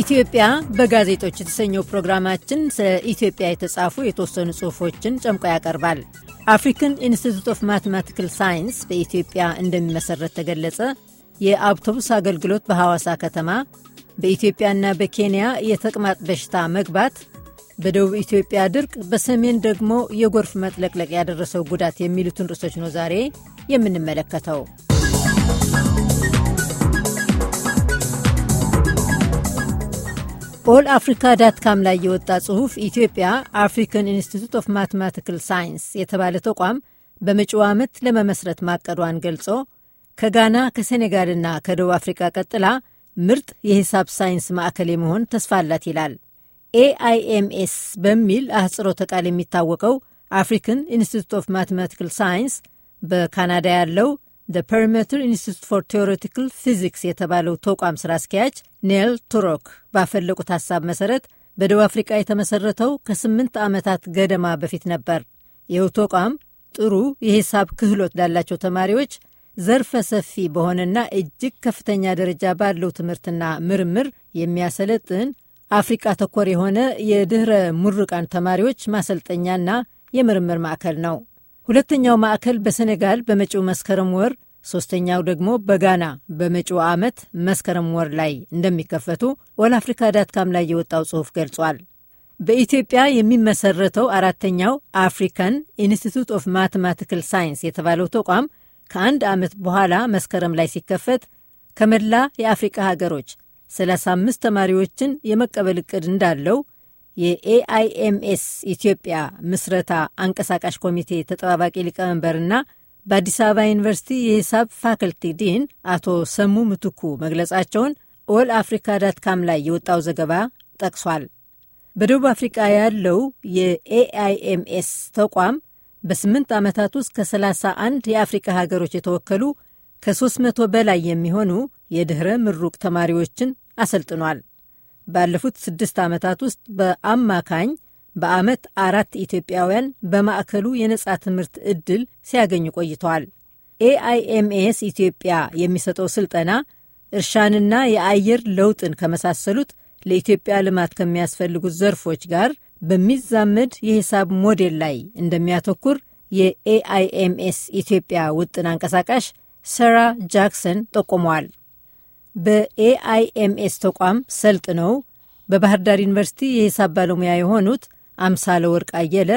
ኢትዮጵያ በጋዜጦች የተሰኘው ፕሮግራማችን ስለ ኢትዮጵያ የተጻፉ የተወሰኑ ጽሑፎችን ጨምቆ ያቀርባል። አፍሪካን ኢንስቲትዩት ኦፍ ማትማቲካል ሳይንስ በኢትዮጵያ እንደሚመሰረት ተገለጸ፣ የአውቶቡስ አገልግሎት በሐዋሳ ከተማ፣ በኢትዮጵያና በኬንያ የተቅማጥ በሽታ መግባት፣ በደቡብ ኢትዮጵያ ድርቅ፣ በሰሜን ደግሞ የጎርፍ መጥለቅለቅ ያደረሰው ጉዳት የሚሉትን ርዕሶች ነው ዛሬ የምንመለከተው። ኦል አፍሪካ ካም ላይ የወጣ ጽሑፍ ኢትዮጵያ አፍሪካን ኢንስቲትዩት ኦፍ ማትማቲካል ሳይንስ የተባለ ተቋም በመጪው ዓመት ለመመስረት ማቀዷን ገልጾ ከጋና ከሴኔጋልና ከደቡብ አፍሪካ ቀጥላ ምርጥ የሂሳብ ሳይንስ ማዕከል የመሆን ተስፋ አላት ይላል። ኤአይኤምኤስ በሚል አህጽሮተ ቃል የሚታወቀው አፍሪካን ኢንስቲትዩት ኦፍ ማትማቲካል ሳይንስ በካናዳ ያለው ዘ ፐሪሜትር ኢንስቲቱት ፎር ቴዎሬቲካል ፊዚክስ የተባለው ተቋም ስራ አስኪያጅ ኔል ቱሮክ ባፈለቁት ሀሳብ መሰረት በደቡብ አፍሪቃ የተመሰረተው ከስምንት ዓመታት ገደማ በፊት ነበር። ይኸው ተቋም ጥሩ የሂሳብ ክህሎት ላላቸው ተማሪዎች ዘርፈ ሰፊ በሆነና እጅግ ከፍተኛ ደረጃ ባለው ትምህርትና ምርምር የሚያሰለጥን አፍሪቃ ተኮር የሆነ የድኅረ ምሩቃን ተማሪዎች ማሰልጠኛና የምርምር ማዕከል ነው። ሁለተኛው ማዕከል በሴኔጋል በመጪው መስከረም ወር ሶስተኛው ደግሞ በጋና በመጪው ዓመት መስከረም ወር ላይ እንደሚከፈቱ ኦል አፍሪካ ዳትካም ላይ የወጣው ጽሑፍ ገልጿል። በኢትዮጵያ የሚመሰረተው አራተኛው አፍሪካን ኢንስቲቱት ኦፍ ማትማቲካል ሳይንስ የተባለው ተቋም ከአንድ ዓመት በኋላ መስከረም ላይ ሲከፈት ከመላ የአፍሪቃ ሀገሮች 35 ተማሪዎችን የመቀበል እቅድ እንዳለው የኤአይኤምኤስ ኢትዮጵያ ምስረታ አንቀሳቃሽ ኮሚቴ ተጠባባቂ ሊቀመንበርና በአዲስ አበባ ዩኒቨርሲቲ የሂሳብ ፋክልቲ ዲን አቶ ሰሙ ምትኩ መግለጻቸውን ኦል አፍሪካ ዳትካም ላይ የወጣው ዘገባ ጠቅሷል። በደቡብ አፍሪቃ ያለው የኤአይኤምኤስ ተቋም በስምንት ዓመታት ውስጥ ከ31 የአፍሪካ ሀገሮች የተወከሉ ከ300 በላይ የሚሆኑ የድኅረ ምሩቅ ተማሪዎችን አሰልጥኗል። ባለፉት ስድስት ዓመታት ውስጥ በአማካኝ በዓመት አራት ኢትዮጵያውያን በማዕከሉ የነጻ ትምህርት ዕድል ሲያገኙ ቆይተዋል። ኤአይኤምኤስ ኢትዮጵያ የሚሰጠው ስልጠና እርሻንና የአየር ለውጥን ከመሳሰሉት ለኢትዮጵያ ልማት ከሚያስፈልጉት ዘርፎች ጋር በሚዛመድ የሂሳብ ሞዴል ላይ እንደሚያተኩር የኤአይኤምኤስ ኢትዮጵያ ውጥን አንቀሳቃሽ ሰራ ጃክሰን ጠቁመዋል። በኤአይኤምኤስ ተቋም ሰልጥነው በባህር ዳር ዩኒቨርሲቲ የሂሳብ ባለሙያ የሆኑት አምሳለ ወርቅ አየለ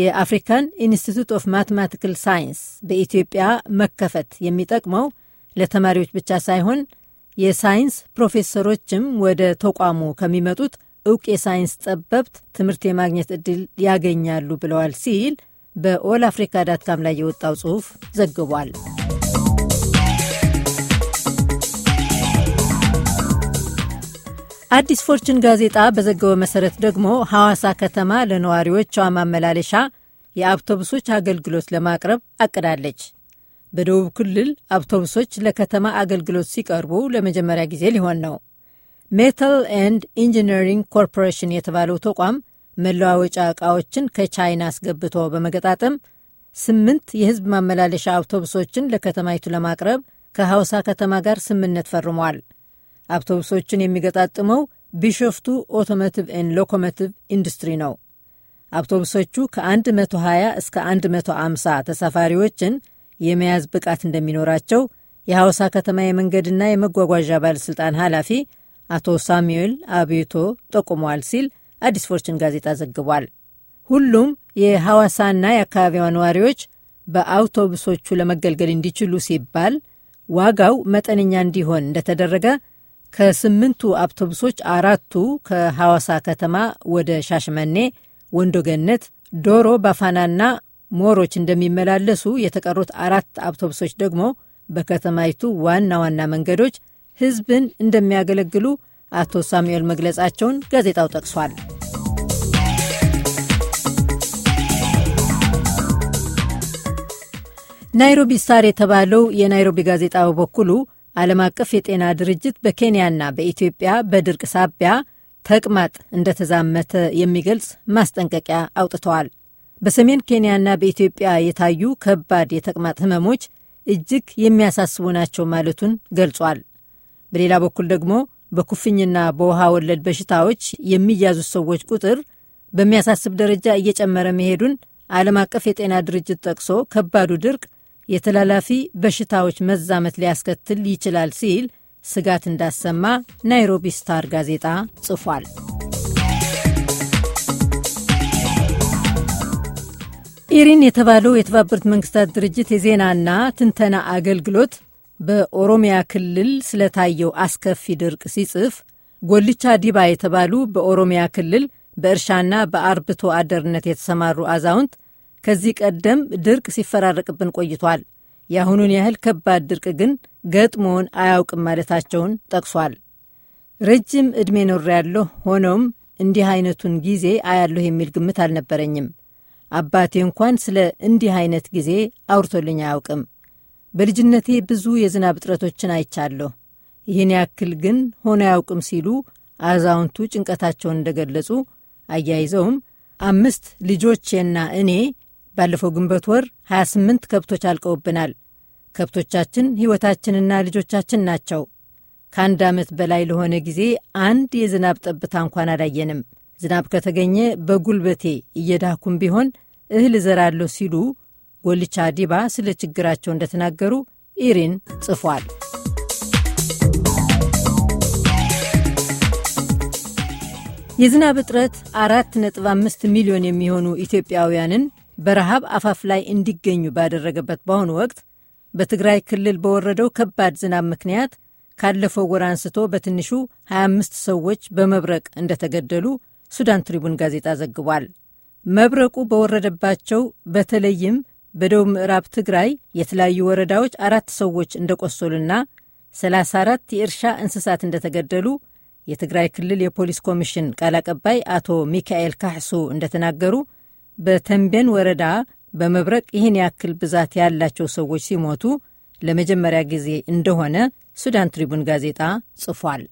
የአፍሪካን ኢንስቲቱት ኦፍ ማትማቲካል ሳይንስ በኢትዮጵያ መከፈት የሚጠቅመው ለተማሪዎች ብቻ ሳይሆን የሳይንስ ፕሮፌሰሮችም ወደ ተቋሙ ከሚመጡት እውቅ የሳይንስ ጠበብት ትምህርት የማግኘት እድል ያገኛሉ ብለዋል ሲል በኦል አፍሪካ ዳትካም ላይ የወጣው ጽሑፍ ዘግቧል። አዲስ ፎርችን ጋዜጣ በዘገበ መሰረት ደግሞ ሐዋሳ ከተማ ለነዋሪዎቿ ማመላለሻ የአውቶቡሶች አገልግሎት ለማቅረብ አቅዳለች። በደቡብ ክልል አውቶቡሶች ለከተማ አገልግሎት ሲቀርቡ ለመጀመሪያ ጊዜ ሊሆን ነው። ሜታል ኤንድ ኢንጂነሪንግ ኮርፖሬሽን የተባለው ተቋም መለዋወጫ ዕቃዎችን ከቻይና አስገብቶ በመገጣጠም ስምንት የሕዝብ ማመላለሻ አውቶቡሶችን ለከተማይቱ ለማቅረብ ከሐውሳ ከተማ ጋር ስምምነት ፈርሟል። አውቶቡሶችን የሚገጣጥመው ቢሾፍቱ ኦቶሞቲቭ ኤን ሎኮሞቲቭ ኢንዱስትሪ ነው። አውቶቡሶቹ ከ120 እስከ 150 ተሳፋሪዎችን የመያዝ ብቃት እንደሚኖራቸው የሐዋሳ ከተማ የመንገድና የመጓጓዣ ባለሥልጣን ኃላፊ አቶ ሳሙኤል አብዮቶ ጠቁመዋል ሲል አዲስ ፎርችን ጋዜጣ ዘግቧል። ሁሉም የሐዋሳና የአካባቢዋ ነዋሪዎች በአውቶቡሶቹ ለመገልገል እንዲችሉ ሲባል ዋጋው መጠነኛ እንዲሆን እንደተደረገ ከስምንቱ አውቶቡሶች አራቱ ከሐዋሳ ከተማ ወደ ሻሽመኔ፣ ወንዶገነት ዶሮ ባፋናና ሞሮች እንደሚመላለሱ የተቀሩት አራት አውቶቡሶች ደግሞ በከተማይቱ ዋና ዋና መንገዶች ሕዝብን እንደሚያገለግሉ አቶ ሳሙኤል መግለጻቸውን ጋዜጣው ጠቅሷል። ናይሮቢ ስታር የተባለው የናይሮቢ ጋዜጣ በበኩሉ ዓለም አቀፍ የጤና ድርጅት በኬንያና በኢትዮጵያ በድርቅ ሳቢያ ተቅማጥ እንደተዛመተ የሚገልጽ ማስጠንቀቂያ አውጥተዋል። በሰሜን ኬንያና በኢትዮጵያ የታዩ ከባድ የተቅማጥ ህመሞች እጅግ የሚያሳስቡ ናቸው ማለቱን ገልጿል። በሌላ በኩል ደግሞ በኩፍኝና በውሃ ወለድ በሽታዎች የሚያዙት ሰዎች ቁጥር በሚያሳስብ ደረጃ እየጨመረ መሄዱን ዓለም አቀፍ የጤና ድርጅት ጠቅሶ ከባዱ ድርቅ የተላላፊ በሽታዎች መዛመት ሊያስከትል ይችላል ሲል ስጋት እንዳሰማ ናይሮቢ ስታር ጋዜጣ ጽፏል። ኢሪን የተባለው የተባበሩት መንግስታት ድርጅት የዜናና ትንተና አገልግሎት በኦሮሚያ ክልል ስለታየው አስከፊ ድርቅ ሲጽፍ ጎልቻ ዲባ የተባሉ በኦሮሚያ ክልል በእርሻና በአርብቶ አደርነት የተሰማሩ አዛውንት ከዚህ ቀደም ድርቅ ሲፈራረቅብን ቆይቷል። የአሁኑን ያህል ከባድ ድርቅ ግን ገጥሞውን አያውቅም ማለታቸውን ጠቅሷል። ረጅም ዕድሜ ያለሁ ሆኖም እንዲህ አይነቱን ጊዜ አያለሁ የሚል ግምት አልነበረኝም። አባቴ እንኳን ስለ እንዲህ አይነት ጊዜ አውርቶልኝ አያውቅም። በልጅነቴ ብዙ የዝናብ እጥረቶችን አይቻለሁ፣ ይህን ያክል ግን ሆኖ አያውቅም ሲሉ አዛውንቱ ጭንቀታቸውን እንደገለጹ አያይዘውም አምስት ልጆቼና እኔ ባለፈው ግንቦት ወር 28 ከብቶች አልቀውብናል። ከብቶቻችን ሕይወታችንና ልጆቻችን ናቸው። ከአንድ ዓመት በላይ ለሆነ ጊዜ አንድ የዝናብ ጠብታ እንኳን አላየንም። ዝናብ ከተገኘ በጉልበቴ እየዳኩም ቢሆን እህል እዘራለሁ ሲሉ ጎልቻ ዲባ ስለ ችግራቸው እንደተናገሩ ኢሪን ጽፏል። የዝናብ እጥረት 4.5 ሚሊዮን የሚሆኑ ኢትዮጵያውያንን በረሃብ አፋፍ ላይ እንዲገኙ ባደረገበት በአሁኑ ወቅት በትግራይ ክልል በወረደው ከባድ ዝናብ ምክንያት ካለፈው ወር አንስቶ በትንሹ 25 ሰዎች በመብረቅ እንደተገደሉ ሱዳን ትሪቡን ጋዜጣ ዘግቧል። መብረቁ በወረደባቸው በተለይም በደቡብ ምዕራብ ትግራይ የተለያዩ ወረዳዎች አራት ሰዎች እንደቆሰሉና 34 የእርሻ እንስሳት እንደተገደሉ የትግራይ ክልል የፖሊስ ኮሚሽን ቃል አቀባይ አቶ ሚካኤል ካሕሱ እንደተናገሩ በተንቤን ወረዳ በመብረቅ ይህን ያክል ብዛት ያላቸው ሰዎች ሲሞቱ ለመጀመሪያ ጊዜ እንደሆነ ሱዳን ትሪቡን ጋዜጣ ጽፏል።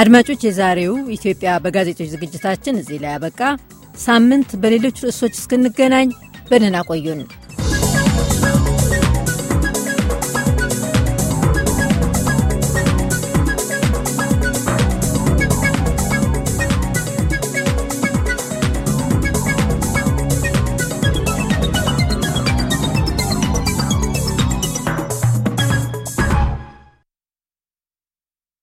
አድማጮች፣ የዛሬው ኢትዮጵያ በጋዜጦች ዝግጅታችን እዚህ ላይ ያበቃ። ሳምንት በሌሎች ርዕሶች እስክንገናኝ በደህና ቆዩን።